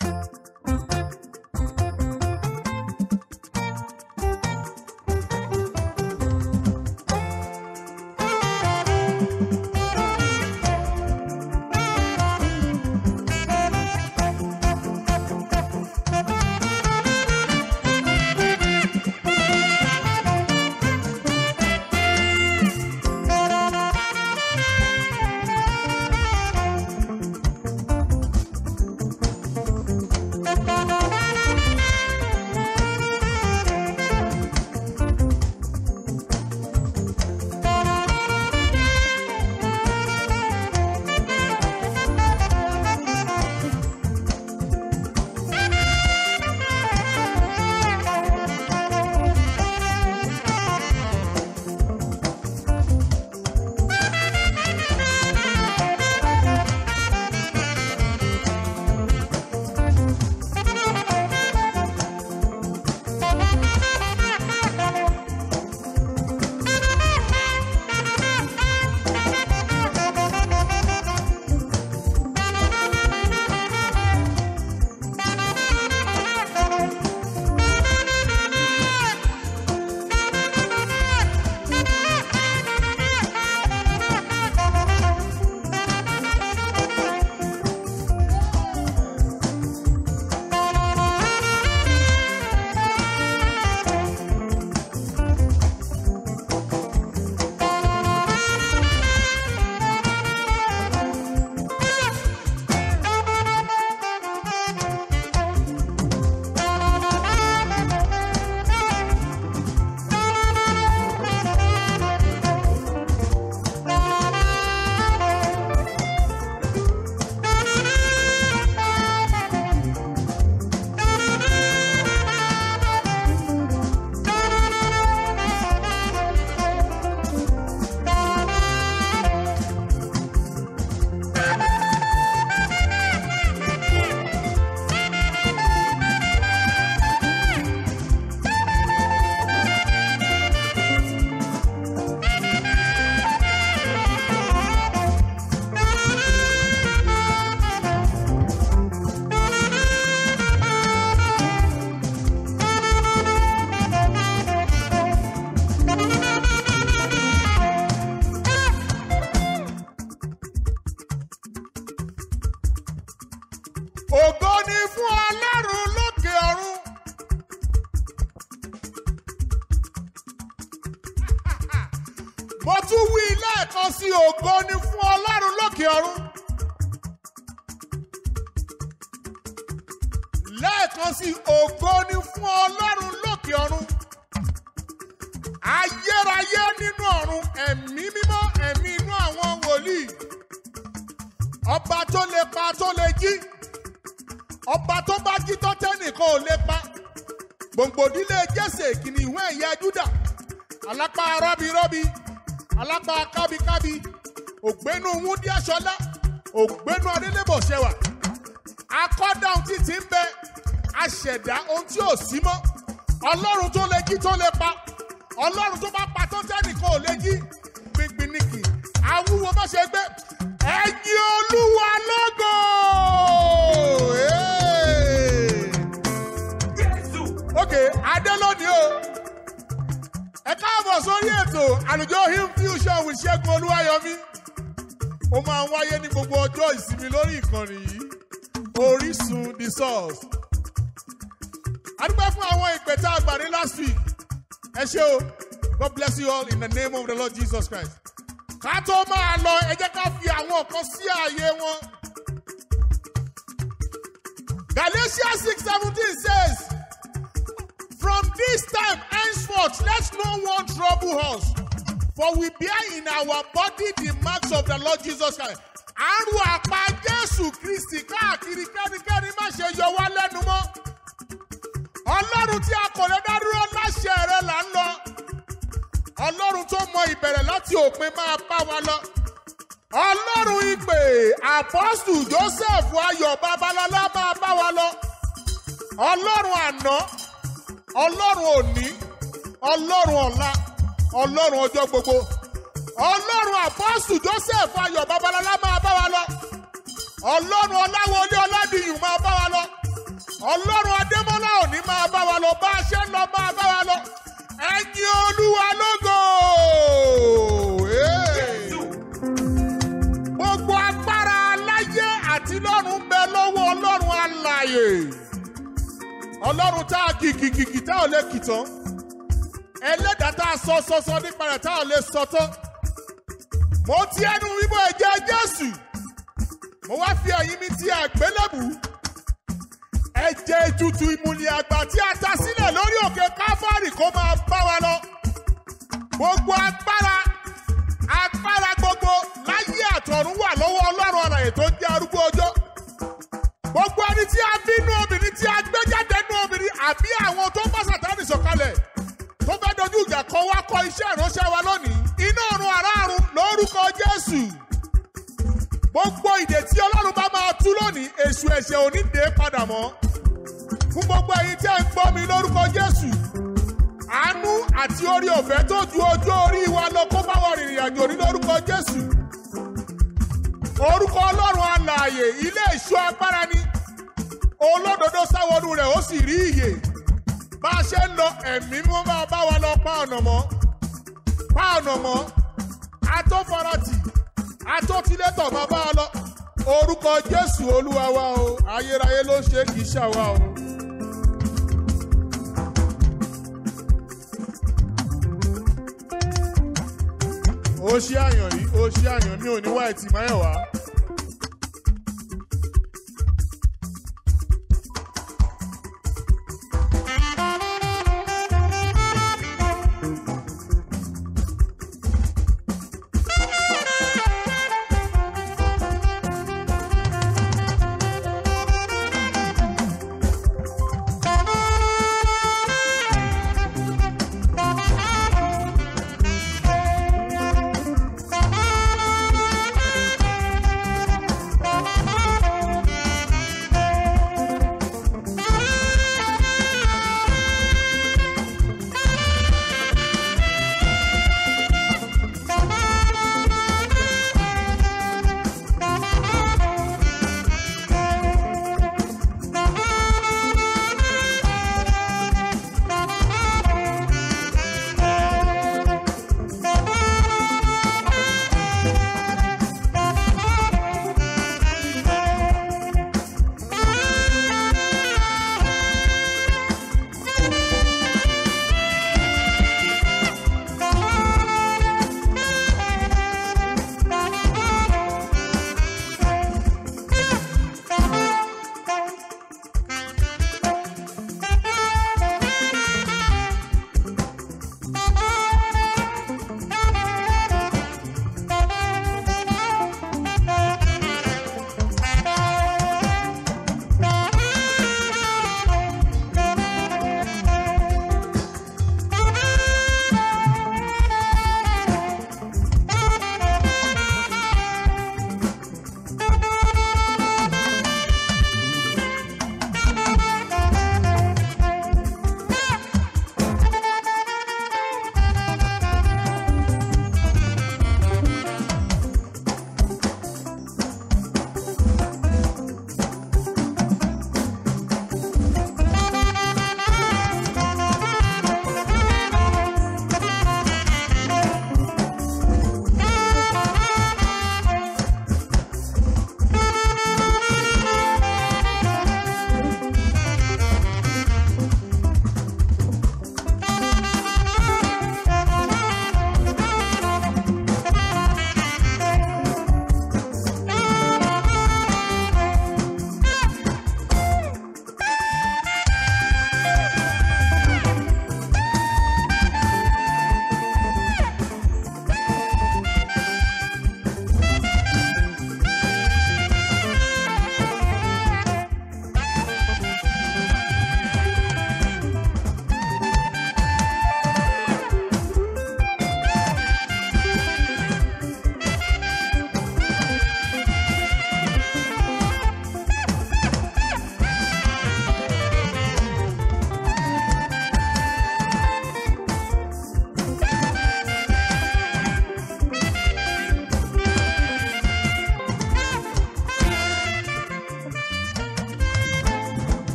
Thank you. Adélábí ògbénu wúndí aṣọlá ògbénu adélébọ̀ṣẹwà akọ́dá ohun tí ti ń bẹ aṣẹ̀dá ohun tí ò sí mọ́ ọlọ́run tó lè jí tó lè pa ọlọ́run tó bá pa tó tẹ́nìkan ò lè jí. ń wáyé ní gbogbo ọjọ́ ìsinmi lórí ìkànnì yìí Orísun the source. a dúpẹ́ fún àwọn ìpè tá a gbà ní last week ẹ ṣé o God bless you all in the name of the Lord Jesus Christ. ká tó máa lọ ẹ jẹ́ ká fi àwọn kan sí ààyè wọn. Galatians six seventeen says from this time henceforth let no one trouble us. For we bear in our body the marks of the Lord Jesus Christ. Àrùn àpá Jésù Kristì káàkiri kẹ́nikẹ́ni má ṣe yọ wá lẹ́nu mọ́. Ọlọ́run tí a kò lè dá láṣẹ rẹ̀ là ń lọ. Ọlọ́run tó mọ ìbẹ̀rẹ̀ láti òpin máa bá wa lọ. Ọlọ́run ìpè àpọ́sù Joseph Ayọ̀ Babalọ́lá máa bá wa lọ. Ọlọ́run àná, Ọlọ́run òní, Ọlọ́run ọ̀la ọlọ́run ọjọ́ gbogbo ọlọ́run àpọ́sù joseph ayọ̀ babalọ́lá máa bá wa lọ ọlọ́run ọláwọlé ọládìyàn máa bá wa lọ ọlọ́run adémọ́lá òní máa bá wa lọ bá a ṣe ń lọ máa bá wa lọ ẹ̀yin olúwa lógo gbogbo agbára aláyé àti lọ́run bẹ lọ́wọ́ ọlọ́run alààyè ọlọ́run tá a kìkìkìkì tá ò lè kì tán ẹlẹ́dàá tá a sọ sọ sọ nípa rẹ̀ tá a lè sọ tán. mo ti ẹnu wíwọ ẹ̀jẹ̀ Jésù mo wá fi ẹ̀yìn mi ti àgbélébù ẹ̀jẹ̀ ètùtù ìmùlẹ̀ àgbà tí a ta sílẹ̀ lórí òkè káfárì kó máa bá wa lọ gbogbo agbára agbára gbogbo láyé àtọ̀run wà lọ́wọ́ Ọlọ́run àlàyé tó ń jẹ́ arúgbó ọjọ́ gbogbo ẹni tí a bínú obìnrin tí a gbé jáde nú obìnrin àbí àwọn tó bá Sátánì sọ̀kalẹ̀ tó fẹ́ dojú ìjà kọ wá kọ iṣẹ́ ìránṣẹ́ wa lónìí iná ọ̀run àràrùn lórúkọ Jésù gbogbo ìdè tí Ọlọ́run bá máa tú lónìí èṣù ẹ̀ṣẹ̀ ò ní dé padà mọ́ fún gbogbo ẹ̀yin tí ẹ̀ ń gbọ́ mi lórúkọ Jésù àánú àti orí ọ̀fẹ́ tó ju ojú orí wa lọ kó bá wọ rìnrìn àjò ní lórúkọ Jésù orúkọ Ọlọ́run alààyè ilé ìṣọ́ agbára ni olódodo sáwọnú rẹ̀ ó sì rí ìyè bá a ṣe ń lọ ẹ̀mí mímọ́ máa bá wa lọ pa ọ̀nà mọ́ pa ọ̀nà mọ́ atófaratì atótilétọ̀ máa bá wa lọ orúkọ Jésù Olúwa wa o ayérayé ló ń ṣe kì í ṣàwa o. ó ṣe àyàn yìí ó ṣe àyàn mi ò ní wá ẹtì máyọ̀ wá.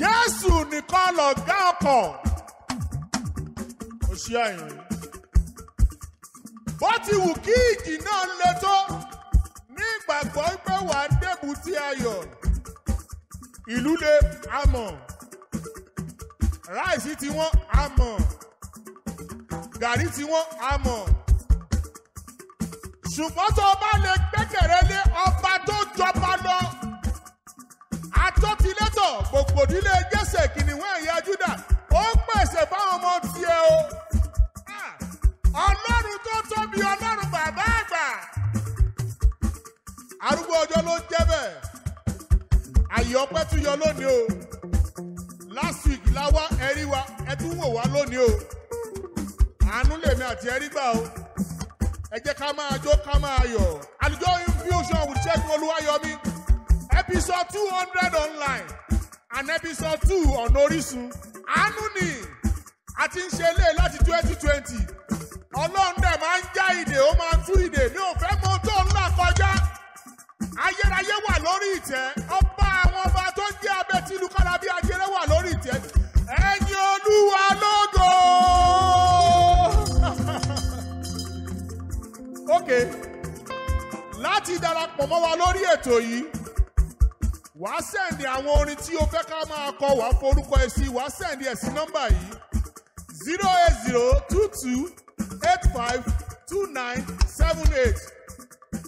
Jésù nìkan lọ̀gá ọkọ̀ òṣì àyìn bó ti wù kí ìjì náà le tó ní ìgbàgbọ́ pé wà á débùtì ayọ̀ ìlú le amọ̀ ráìsì tiwọn amọ̀ gàrí tiwọn amọ̀ ṣùgbọ́n tó o bá lè gbẹ́kẹ̀rẹ́ lé ọba tó jọba lọ àtìlẹ́tọ̀ gbogbo ìdílé kìnìún ẹ̀yà júdà ó pèsè fáwọn ọmọ tiẹ̀ o. ọlọ́run tó tóbi ọlọ́run bàbá àgbà. arúgbó ọjọ́ ló jẹ́ bẹ́ẹ̀ àyè ọpẹ́ tún yọ lónìí o last week la ẹrí wa ẹ tún wò wá lónìí o àánú lèmi àti ẹrí gbà o ẹ jẹ́ ká máa jó ká máa yọ̀ àlùjọ infusion with ṣẹ́gun olúwayọ̀mí episode two hundred online and episode two on Orísun Anu ni a ti ń ṣe eléyìí láti twenty twenty ọlọ́run dẹ̀ máa ń já ìdè ó máa ń tú ìdè mi ò fẹ́ mọ tó ńlá kọjá ayérayé wà lórí ìtẹ́ ọba àwọn ọba tó ń jẹ́ abẹ́ tìlú kálábí ajẹ́rẹ́ wà lórí ìtẹ́ ẹni olúwa lógo. ok láti darapọ̀ mọ́ wa lórí ètò yìí wàá sẹ́ndì àwọn orin tí o fẹ́ ká máa kọ wàá forúkọ ẹ sí wàá sẹ́ndì ẹ sí nọ́mbà yìí zero eight zero two two eight five two nine seven eight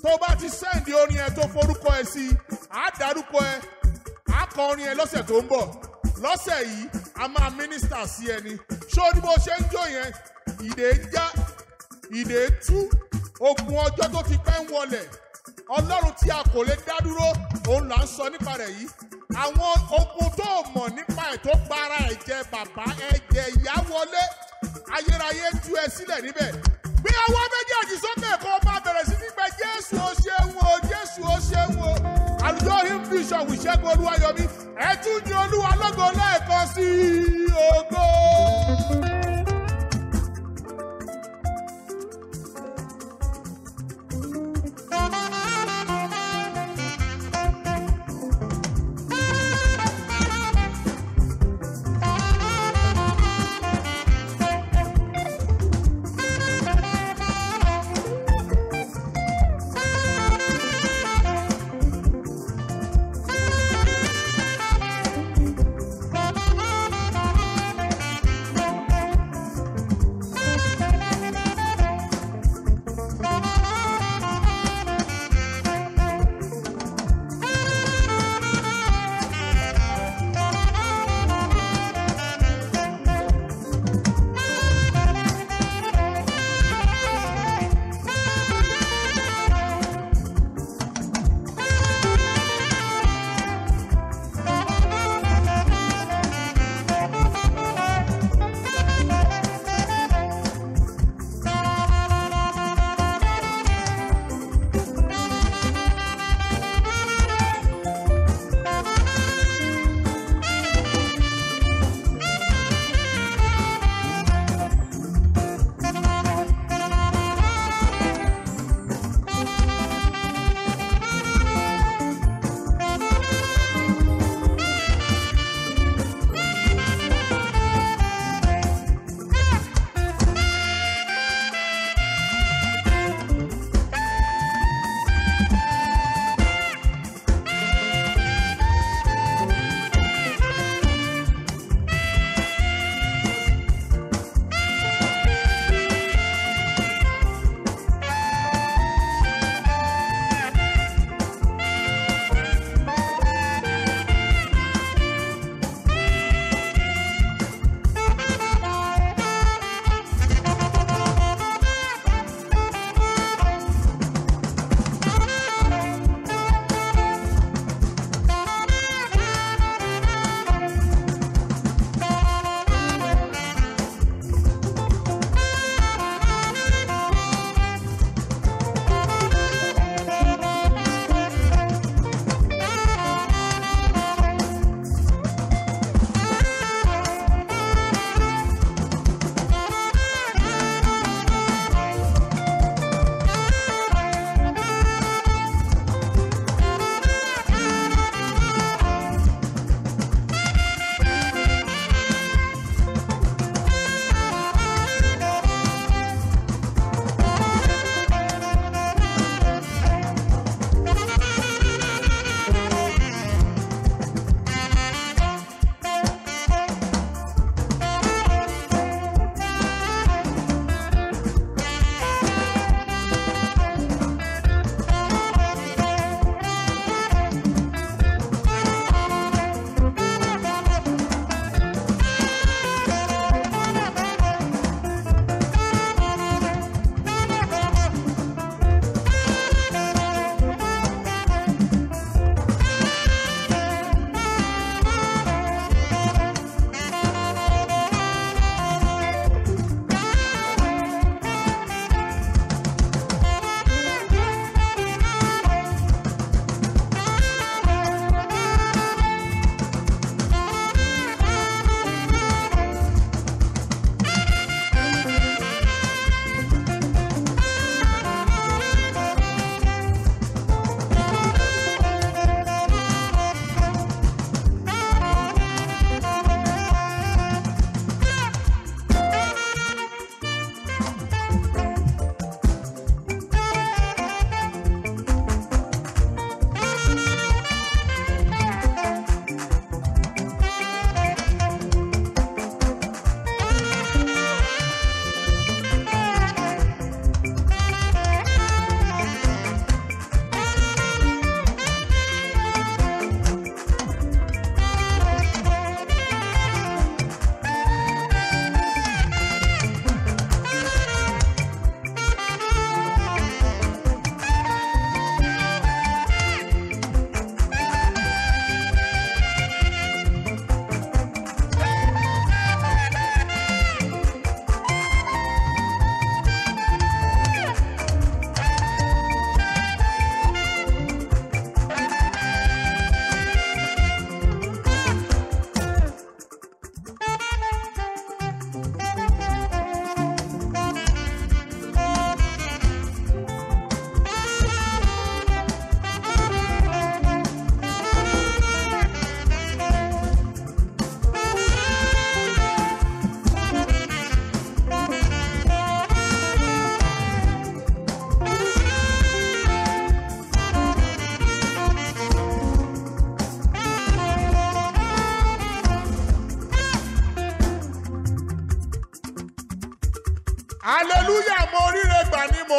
tó bá ti sẹ́ndì orin ẹ tó forúkọ ẹ sí àá dárúkọ ẹ àá kọ orin ẹ lọ́sẹ̀ tó ń bọ̀ lọ́sẹ̀ yìí a máa mínísítà sí ẹni ṣó ni bó ṣe ń jó yẹn ìdè ń já ìdè tú ogun ọjọ́ tó ti pẹ́ ń wọlẹ̀ ọlọ́run tí a kò lè dá dúró òun là ń sọ nípa rẹ̀ yìí àwọn ogun tó mọ̀ nípa ẹ̀ tó para ẹ̀jẹ̀ bàbá ẹ̀jẹ̀ ìyá wọlé ayérayé tú ẹ sílẹ̀ níbẹ̀ gbé ọwọ́ méjèèjì sókè kó o máa bẹ̀rẹ̀ sí nípa jésù ó ṣeun o jésù ó ṣeun o àlùjọ́rin bishop ìṣẹ́gun olúwayọ̀mí ẹ tún ju olúwa lógo lẹ́ẹ̀kan sí i ògo.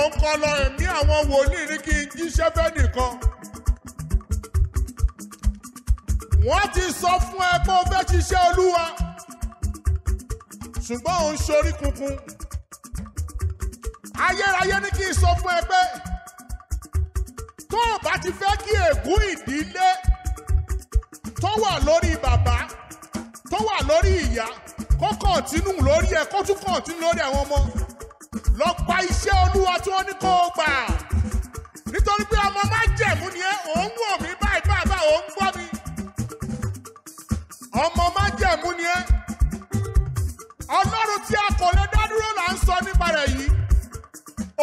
ń kọ́ lọ ẹ̀mí àwọn wòlíì ní kí n jíṣẹ́ fẹ́ nìkan. wọ́n ti sọ fún ẹ pé o fẹ́ ṣiṣẹ́ olúwa ṣùgbọ́n òun ṣorí kunkun. ayérayé ní kí n sọ fún ẹ pé tó o bá ti fẹ́ kí ègún ìdílé tó wà lórí bàbá tó wà lórí ìyá kó kọ̀ọ̀tínú lórí ẹ kó tún kọ̀ọ̀tínú lórí àwọn ọmọ lọ gba iṣẹ́ olúwa tí wọ́n ní kó o gbà nítorí pé ọmọ májẹ̀mú ni ẹ́ òun wò mí báyìí bàbá òun gbọ́ mi ọmọ májẹ̀mú ni ẹ́ ọlọ́run tí a kò lè dá dúró là ń sọ nípa rẹ̀ yìí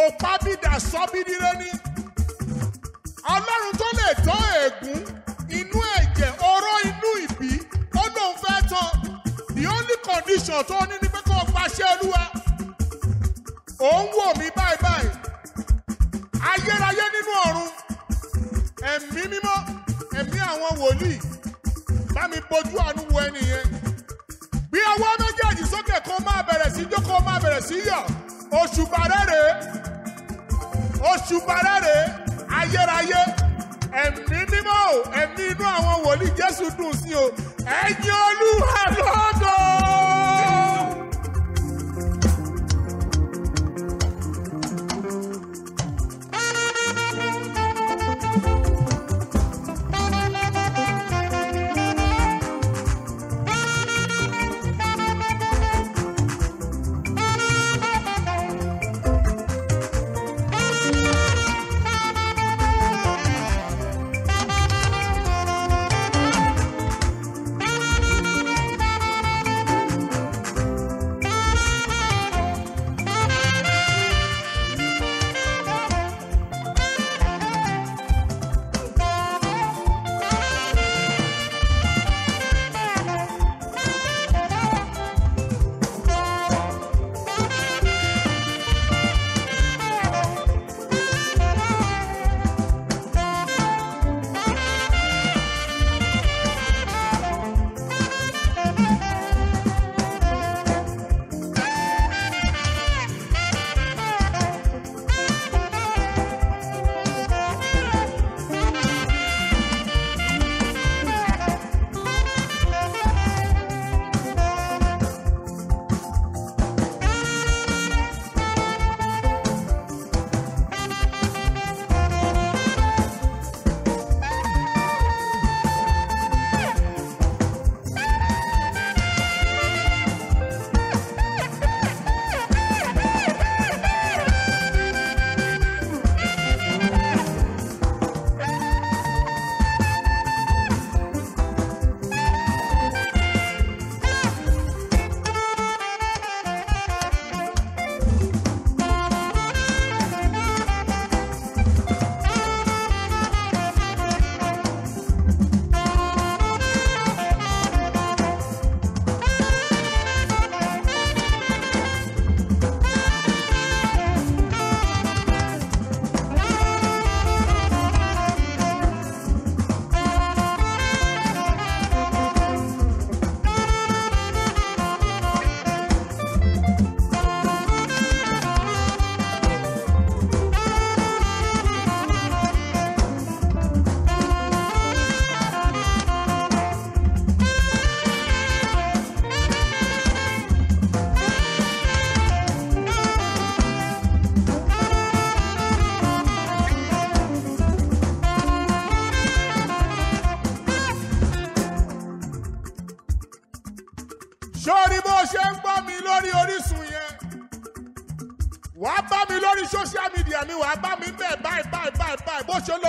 òpábídà sọ́bídìrẹ́ ni ọlọ́run tó lè tán ègún inú ẹ̀jẹ̀ oró inú ìbí ó lóun fẹ́ tán the only condition tó ní ni pé kó o gbaṣẹ́ olúwa ó ń wò mí báyìí báyìí ayérayé nínú ọ̀run ẹ̀mí mímọ́ ẹ̀mí àwọn wòlíì bá mi bojú àánú wo ẹni yẹn bí ọwọ́ méjèèjì sókè kó máa bẹ̀rẹ̀ sí jókòó máa bẹ̀rẹ̀ sí yọ̀ òṣùbà rere òṣùbà rere ayérayé ẹ̀mí mímọ́ o ẹ̀mí inú àwọn wòlíì Jésù dùn sí o ẹ̀yin Olúwa lọ́dọ̀ọ́.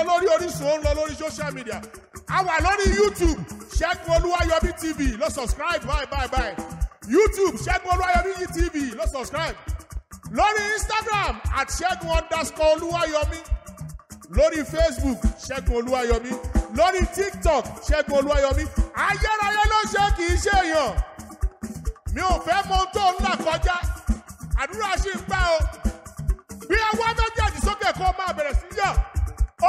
lọ lórí Orísun ó ń lọ lórí social media a wà lórí YouTube Ṣẹ́gun Olúwayọ̀mí TV lọ subscribe bye bye bye YouTube Ṣẹ́gun Olúwayọ̀mí TV lọ subscribe lórí Instagram at Ṣẹ́gun underscore Olúwayọ̀mí lórí Facebook Ṣẹ́gun Olúwayọ̀mí lórí TikTok Ṣẹ́gun Olúwayọ̀mí ayérayé ló ṣe kì í ṣe èèyàn mi ò fẹ́ mọ ohun tó ń là kọjá àdúrà ṣì ń bá o bí ọwọ́ méjèèjì sókè kó máa bẹ̀rẹ̀ sí yọ̀.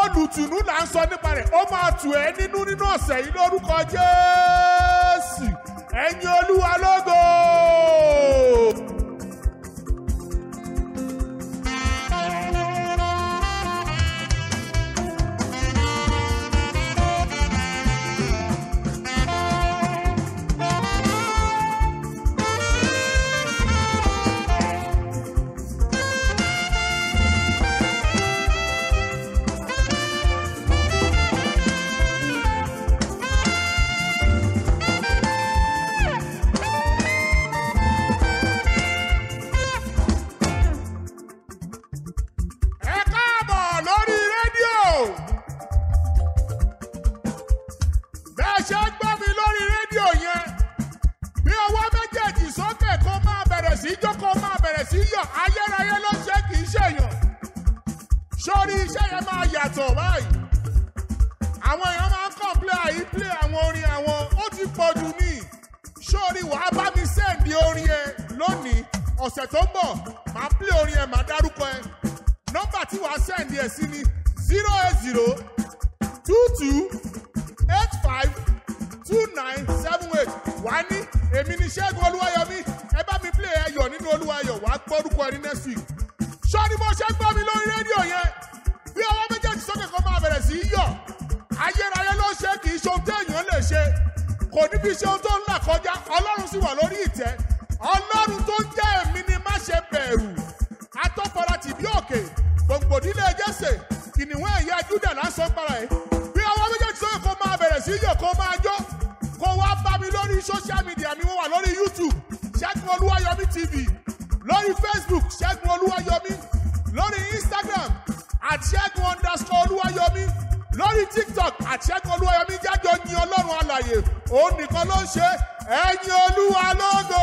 olùtùnú là ń sọ nípa rẹ̀ ó máa tù ẹ́ nínú nínú ọ̀sẹ̀ yìí lórúkọ jésù ẹ̀yin olúwa lọ́gọ́ọ̀. sórí wàá bá mi sẹ́ẹ̀dì orin ẹ lónìí ọ̀sẹ̀ tó ń bọ̀ màá plé orin ẹ màá dárúkọ ẹ nọ́mbà tí wàá sẹ́ẹ̀dì ẹ sí ni zero eight zero two two eight five two nine seven eight wàá ní èmi ni Ṣẹ́gun Olúwayọ̀mí ẹ bá mi plé ẹyọ̀ nínú Olúwayọ̀ wàá gbọ́rúkọ ẹ ní next week sọ́ni mo ṣe ń gbọ́ mi lórí rédíò yẹn bí ọwọ́ méjèèjì sókè kan máa bẹ̀rẹ̀ sí í yọ̀ ayérayé ló ṣe kì í ṣe ohun téèyàn lè ṣe kò níbi iṣẹ́ ohun tó ń là kọjá ọlọ́run sì wà lórí ìtẹ́ ọlọ́run tó ń jẹ́ èmi ni má ṣe bẹ̀rù atọ́fọ́ra tìbí òkè gbòǹgbòdìlẹ̀ jẹ́sẹ̀ kìnìún ẹ̀yà júdà lásán para ẹ̀ bí ọwọ́ méjèèjì sóyè kó máa bẹ̀rẹ̀ sí yè kó máa jó kó wá bá mi lórí social media mi wọ́n wà lórí YouTube Ṣẹ́gun Olúwayọ̀mí TV lórí Facebook Ṣẹ́gun Olúwayọ̀mí lórí Instagram àti Ṣẹ́gun underscore Olúwayọ̀mí lórí tiktok àṣẹ́gun olúwayọ̀mí jájọ yin ọlọ́run alàyè òun nìkan ló ń ṣe ẹ̀yin olúwa lógo.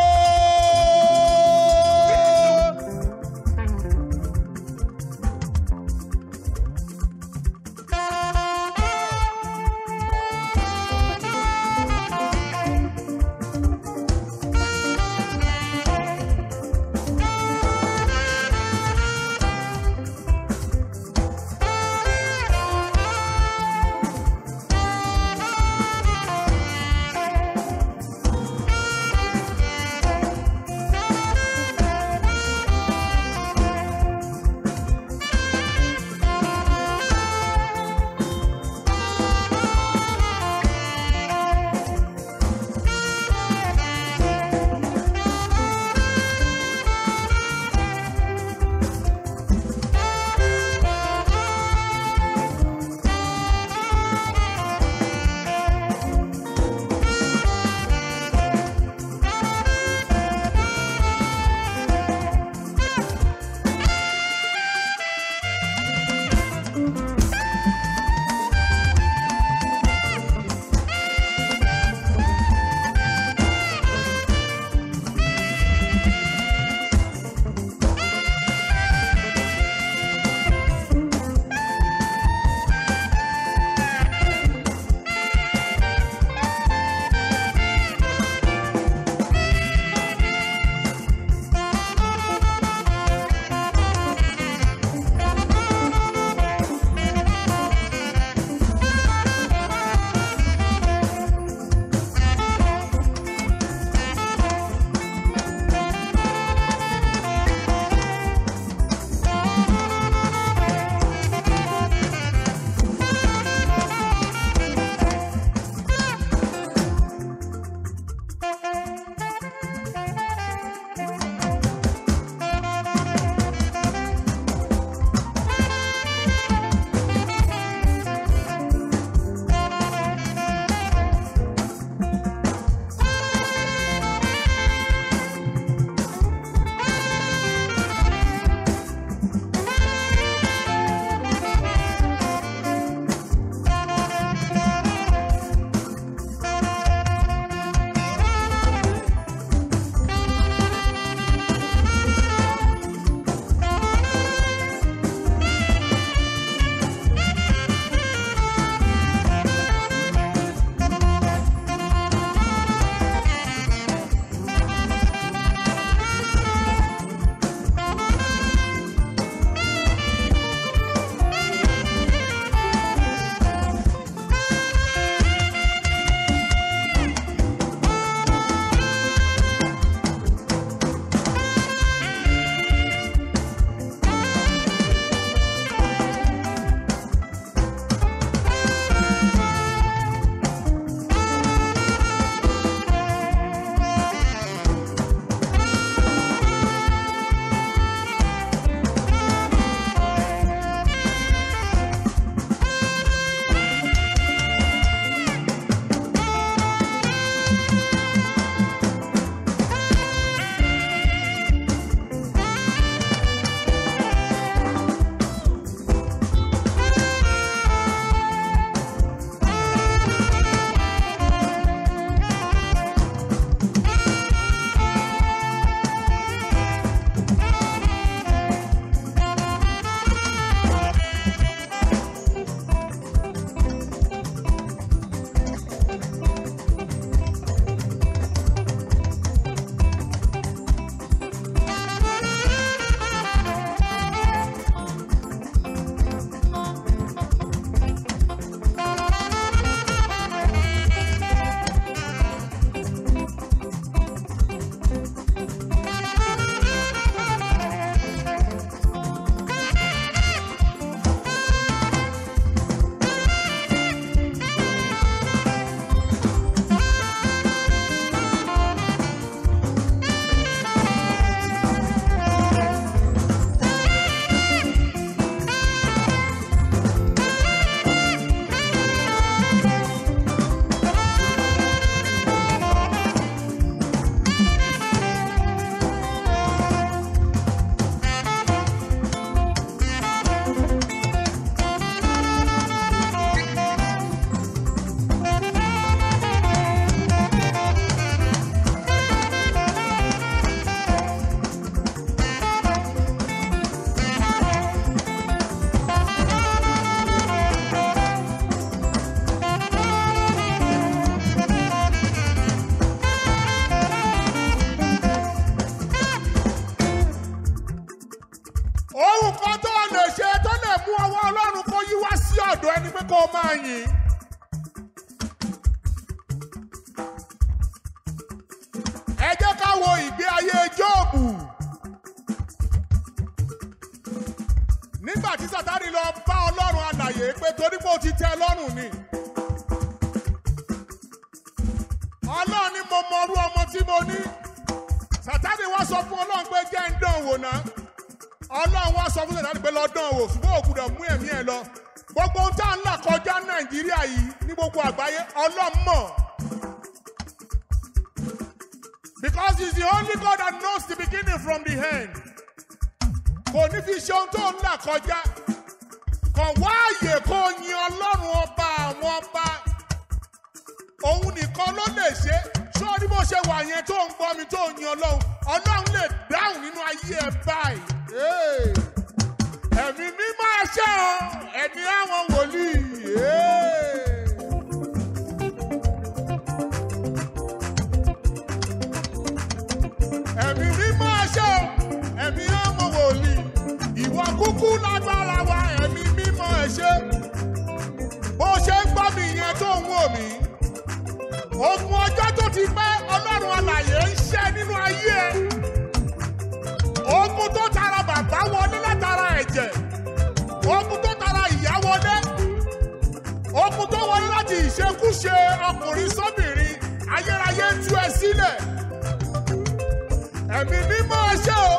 sílẹ̀ ẹ̀mí mímọ́ ṣe o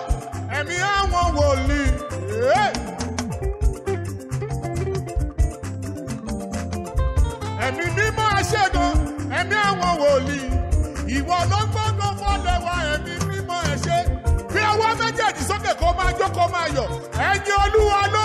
ẹ̀mí àwọn wòlíì. ẹ̀mí mímọ́ ṣe gan ẹ̀mí àwọn wòlíì ìwọ ló gbọ́dọ̀ fọ́lẹ̀ wá ẹ̀mí mímọ́ ẹ̀ ṣe bí ọwọ́ méjèèjì sókè kó máa jó kó máa yọ̀ ẹ̀yin olúwa ló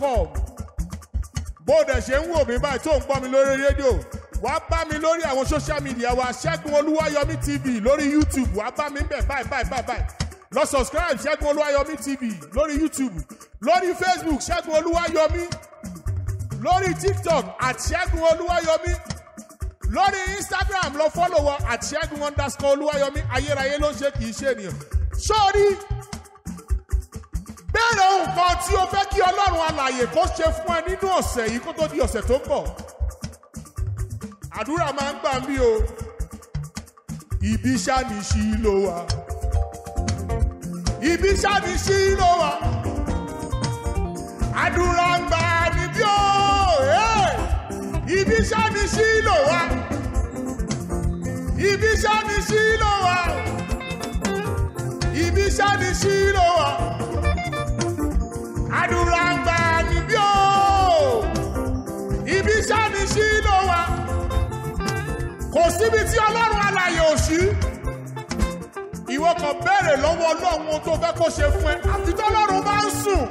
com bó o dẹ̀ ṣe ń wò mí báyìí tó ń gbọ́ mi lórí rédíò wàá bá mi lórí àwọn social media wa ṣẹ́gun olúwayọ̀mí tv lórí youtube wàá bá mi bẹ̀ báyìí báyìí báyìí báyìí lọ subscribe ṣẹ́gun olúwayọ̀mí tv lórí youtube lórí facebook ṣẹ́gun olúwayọ̀mí lórí tiktok àti ṣẹ́gun olúwayọ̀mí lórí instagram lọ fọ́lọ̀ wọ àti ṣẹ́gun underscore olúwayọ̀mí ayérayé ló ń ṣe kì í ṣe ènìyàn sórí béèrè nǹkan tí o fẹ́ kí ọlọ́run alààyè kó ṣe fún ẹ nínú ọ̀sẹ̀ yìí kó tó di ọ̀sẹ̀ tó bọ̀ àdúrà máa ń gbà mí o ibi ṣáàní ṣí ló wà ibi ṣáàní ṣí ló wà àdúrà ń gbà níbí o ibi ṣáàní ṣí ló wà ibi ṣáàní ṣí ló wà ibi ṣáàní ṣí ló wà àdúrà gbà níbí o ibi iṣẹ́ mi sí ló wà kò síbi tí ọlọ́run alààyè ò sí ìwọ kan béèrè lọ́wọ́ ọlọ́run tó fẹ́ kó ṣe fún ẹ àti tọ́lọ́run bá ń sùn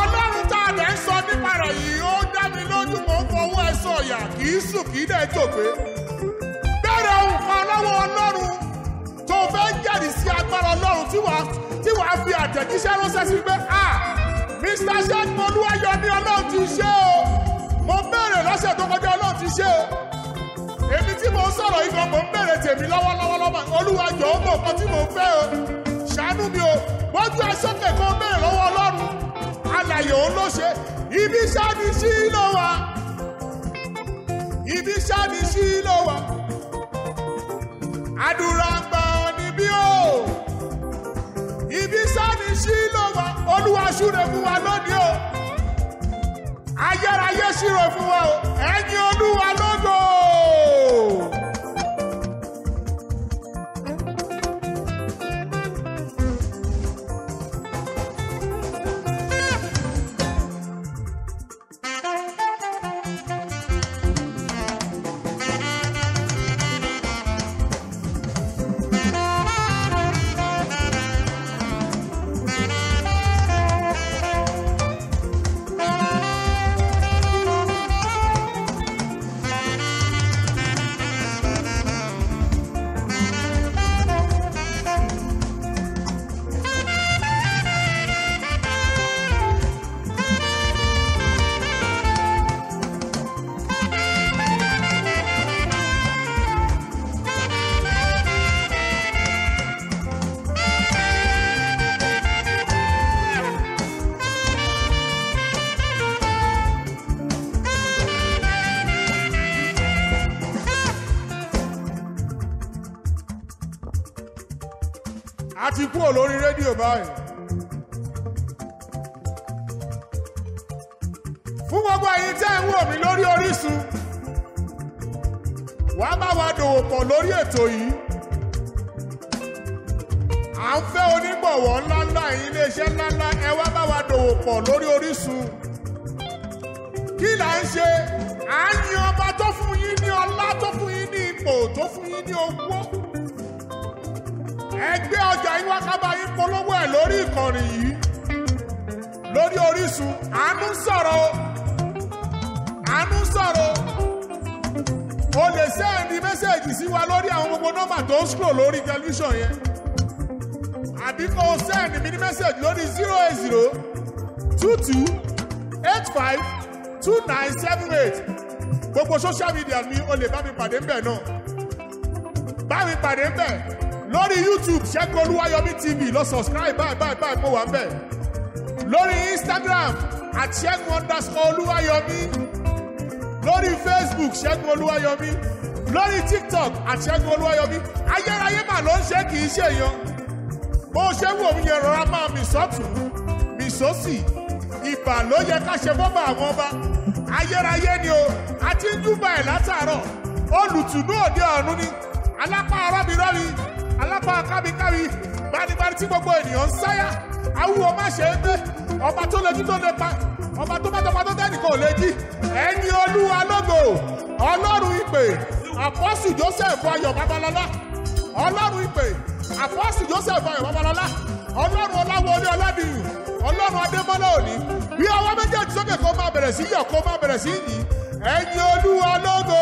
ọlọ́run tá a dẹ̀ ń sọ nípa rẹ̀ yìí ó dá mi lójú mò fọwọ́ ẹ sọ̀yà kì í sùn kì í dẹ̀ jòkè béèrè nǹkan lọ́wọ́ ọlọ́run tó fẹ́ jẹ́rìí sí agbára ọlọ́run tí wàá tí wàá fi àtẹ̀jíṣẹ́ ránṣẹ́ sí pé a Mr. Segun Olúwayọ̀mí ọlọ́run ti ṣe o mo béèrè lọ́sẹ̀ tó kọjá ọlọ́run ti ṣe o èmi tí mo sọ̀rọ̀ yìí gan mo ń béèrè tèmi lọ́wọ́lọ́wọ́ lọ́mọ olúwa jọ̀ọ́ mọ̀ nǹkan tí mo ń fẹ́ o ṣàánú mi o gbójú ẹsọ́kè kan béèrè lọ́wọ́ ọlọ́run alàyè òun ló ṣe ibi sáni sí ló wà ibi sáni sí ló wà àdúrà gbọ́n ni o ibi sani sí ló wà olúwa súre fún wa lónìí o ayérayé súre fún wa o ẹ̀yin olúwa lógo. ti kúrò lórí rédíò báyìí. fún gbogbo ẹ̀yin tẹ́ ń wò mí lórí Orísun wà á bá wa dòwò pọ̀ lórí ètò yìí. à ń fẹ́ onígbọ̀wọ́ ńláńlá ẹ̀yin iléeṣẹ́ ńláńlá ẹ wá bá wa dòwò pọ̀ lórí Orísun. kí là ń ṣe à ń yan ọba tó fún yín ní ọlá tó fún yín ní ipò tó fún yín ní owó ẹgbẹ́ ọjà yín wá sábà yín polówó ẹ̀ lórí ìkànnì yìí lórí Orísun àánú sọ̀rọ̀ àánú sọ̀rọ̀ o lè sẹ́ẹ̀ndì mẹ́sẹ̀gì sí wa lórí àwọn gbogbo nọ́mbà tó ń scroll lórí tẹlifíṣàn yẹn àbí kó o mi ní mẹ́sẹ̀gì lórí zero eight zero two two eight five two nine seven eight gbogbo social media mi o lè bá mi pàdé ń bẹ̀ náà bá mi pàdé ń bẹ̀ lórí youtube ṣẹ́gun olúwayọ̀mí tv lọ subscribe báyìí báyìí báyìí mo wà ń bẹ̀ lórí instagram at ṣẹ́gun underscore olúwayọ̀mí lórí facebook ṣẹ́gun olúwayọ̀mí lórí tiktok at ṣẹ́gun olúwayọ̀mí ayérayé mà ló ń ṣe kì í ṣe yan bó ṣe wò mí yẹn rọra máa mi sọ́tún mì sósì ìbà ló yẹ ká ṣe bọ́bà àwọn ọba ayérayé ni o a ti ń júbà ẹ̀ látàárọ̀ olùtùnú òde ọ̀run ni alápá ọ̀rọ̀ rọ́ mi alápá kábíkábí gbanibani tí gbogbo ènìyàn ń sáyà awúwo má ṣe é gbé ọba tó lójú tó lè pa ọba tó bá tọpa tó tẹnìkan ò lè jí ẹni olúwa lógo ọlọ́run ìpè àpọ́sù joseph ayọ̀ babalọ́lá ọlọ́run ìpè àpọ́sù joseph ayọ̀ babalọ́lá ọlọ́run ọláwọlé ọládìyù ọlọ́run adémọ́lá òní bí ọwọ́ méjèèjì sókè kó máa bẹ̀rẹ̀ sí yọ̀ kó máa bẹ̀rẹ̀ sí yìí ẹni olúwa lógo.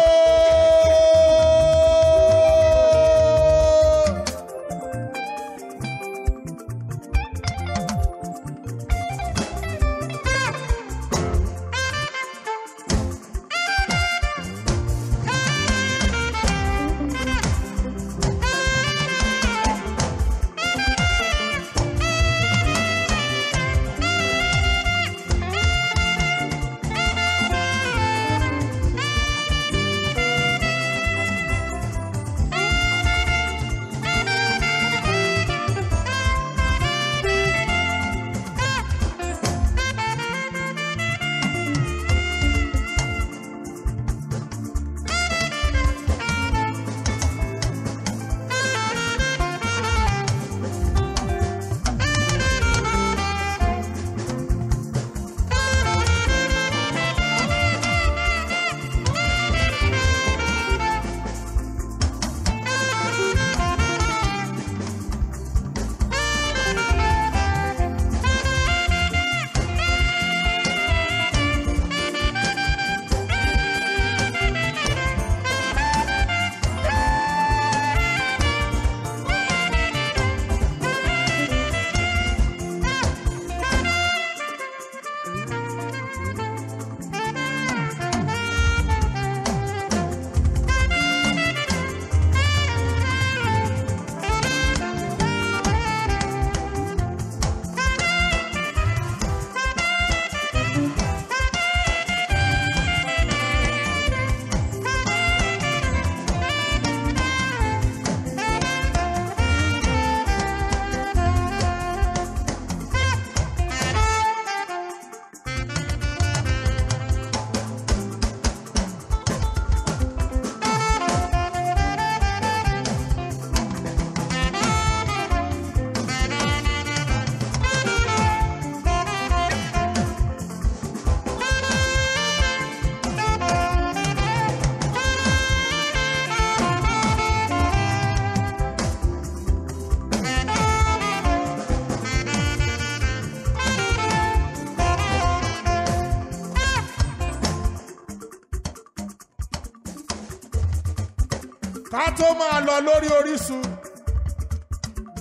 ká tó máa lọ lórí Orísun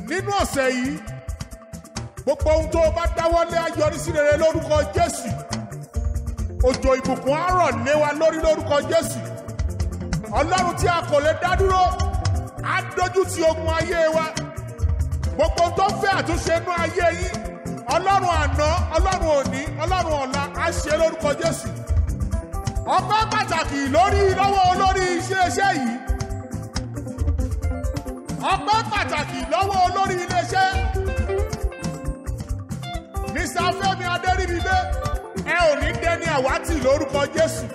nínú ọ̀sẹ̀ yìí gbogbo ohun tó bá dáwọ́lé ayọrísí rere lórúkọ Jésù òjò ìbùkún á rọ̀ lé wa lórí lórúkọ Jésù Ọlọ́run tí a kò lè dá dúró á dojú ti ogun ayé wa gbogbo ohun tó fẹ́ àtúnṣe inú ayé yín Ọlọ́run àná Ọlọ́run òní Ọlọ́run ọ̀la á ṣe lórúkọ Jésù ọpẹ́ pàtàkì lórí lọ́wọ́ olórí iṣẹ́ iṣẹ́ yìí ọpẹ́ pàtàkì lọ́wọ́ olórí iléeṣẹ́ Mr. Fẹ́mi Adéríbígbé ẹ ò ní dẹni àwátì lórúkọ Jésù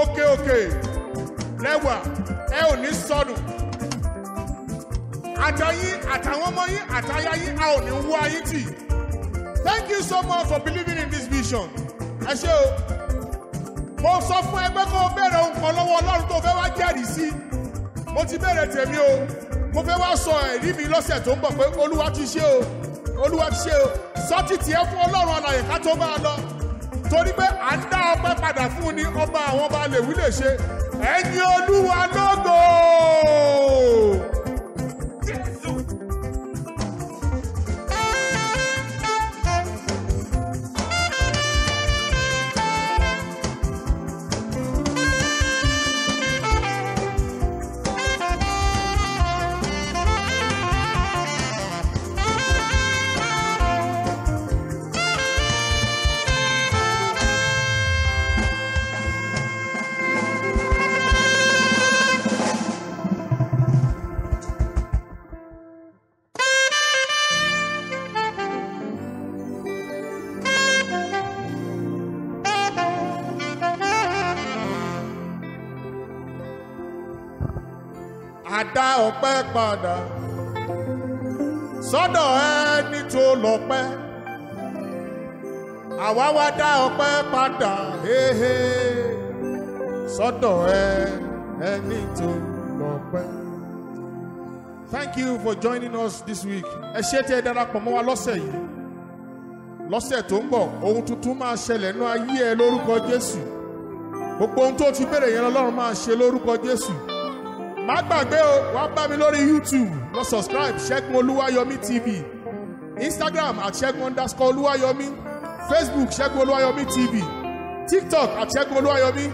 òkè òkè lẹ́wà ẹ ò ní sọnù àtàyín àtàwọn ọmọ yín àtàyà yín a ò ní wọ ayé tì thank you so much for believing in this vision ẹ ṣé o mo sọ fún ẹgbẹ́ kó bẹ̀rẹ̀ nǹkan lọ́wọ́ Ọlọ́run tó fẹ́ wá jẹ́rìí sí i mo ti bẹ̀rẹ̀ tèmi o mo fẹ́ wá sọ ẹ̀rí mi lọ́sẹ̀ tó ń bọ̀ pé olúwa ti ṣe o olúwa ti ṣe o sọ́tì tiẹ̀ fún ọlọ́run alààyè ká tó máa lọ torí pé à ń dá ọpẹ́ padà fún ni ọba àwọn ọba lè lè ṣe ẹ̀yin olúwa lógo. padà sọ́dọ̀ ẹni tó lọ́pẹ́ àwa wá dá ọpẹ́ padà hehe sọ́dọ̀ ẹni tó lọ́pẹ́. Thank you for joining us this week. Ẹ ṣé tí ẹ darapọ̀ mọ́ wa lọ́sẹ̀ yìí. Lọ́sẹ̀ tó ń bọ̀, ohun tuntun máa ṣẹlẹ̀ nínú ayé ẹ lórúkọ Jésù. Gbogbo ohun tó ti bèrè yẹn lọ́run máa ṣe lórúkọ Jésù má gbàgbé o wá bá mi lórí youtube lọ subscribe ṣẹ́gun olúwayọ̀mí tv instagram at ṣẹ́gun underscore olúwayọ̀mí facebook ṣẹ́gun olúwayọ̀mí tv tiktok at ṣẹ́gun olúwayọ̀mí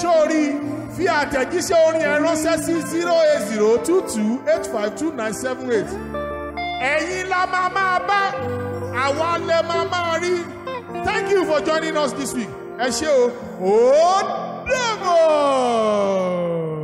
sórí fi àtẹ̀jíṣẹ́ orin ẹ ránṣẹ́ sí zero eight zero two two eight five two nine seven eight ẹ̀yin la máa máa bá àwa lẹ máa máa rí thank you for joining us this week ẹ ṣé o ó dàbọ̀.